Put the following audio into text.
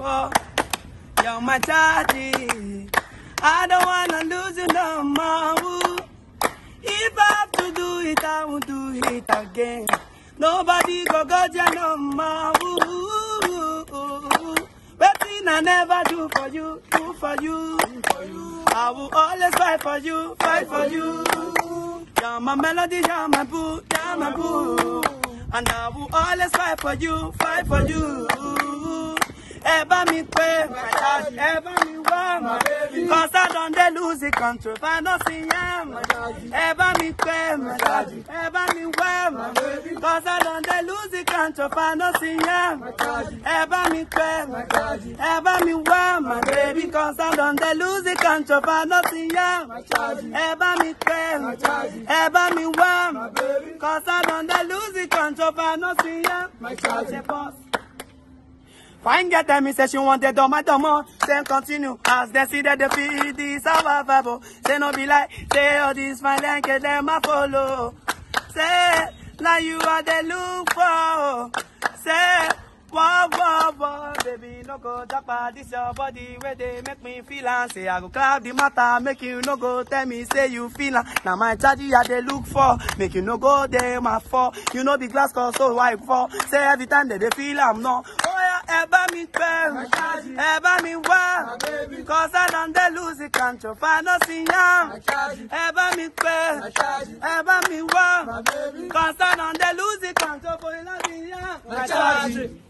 You're my daddy. I don't wanna lose you no more. If I have to do it, I will do it again. Nobody go go you no more. But I never do for you, do for you. I will always fight for you, fight for you. You're my melody, you're my boo, you're my boo. And I will always fight for you, fight for you. ẹ bá mi pé ẹ bá mi wá cause I don dey lose the control by nothing yẹn ẹ bá mi pé ẹ bá mi wá cause I don dey lose the control by nothing yẹn ẹ bá mi pé ẹ bá mi wá cause I don dey lose the control by nothing yẹn ẹ bá mi pé ẹ bá mi wá cause I don dey lose the control by nothing yẹn. Fine get them. He say she want the dumb and dumb more. Then continue as they see that the feed is survivable. Say no be like say all these fine then get them a follow. Say now you are the look for. Say wah wah wah baby no go japa this your body where they make me feel and say I go cloud the matter make you no go tell me say you feel and now my charge I they look for make you no go there my fall you know the glass cause so why fall say every time that they feel I'm not. Ever bá mi ever ẹ well, 'cause wá because I don lose the control fanasi no ẹ Ever mi pẹ̀rù ever bá well, 'cause because I don dey lose control fanasi yam.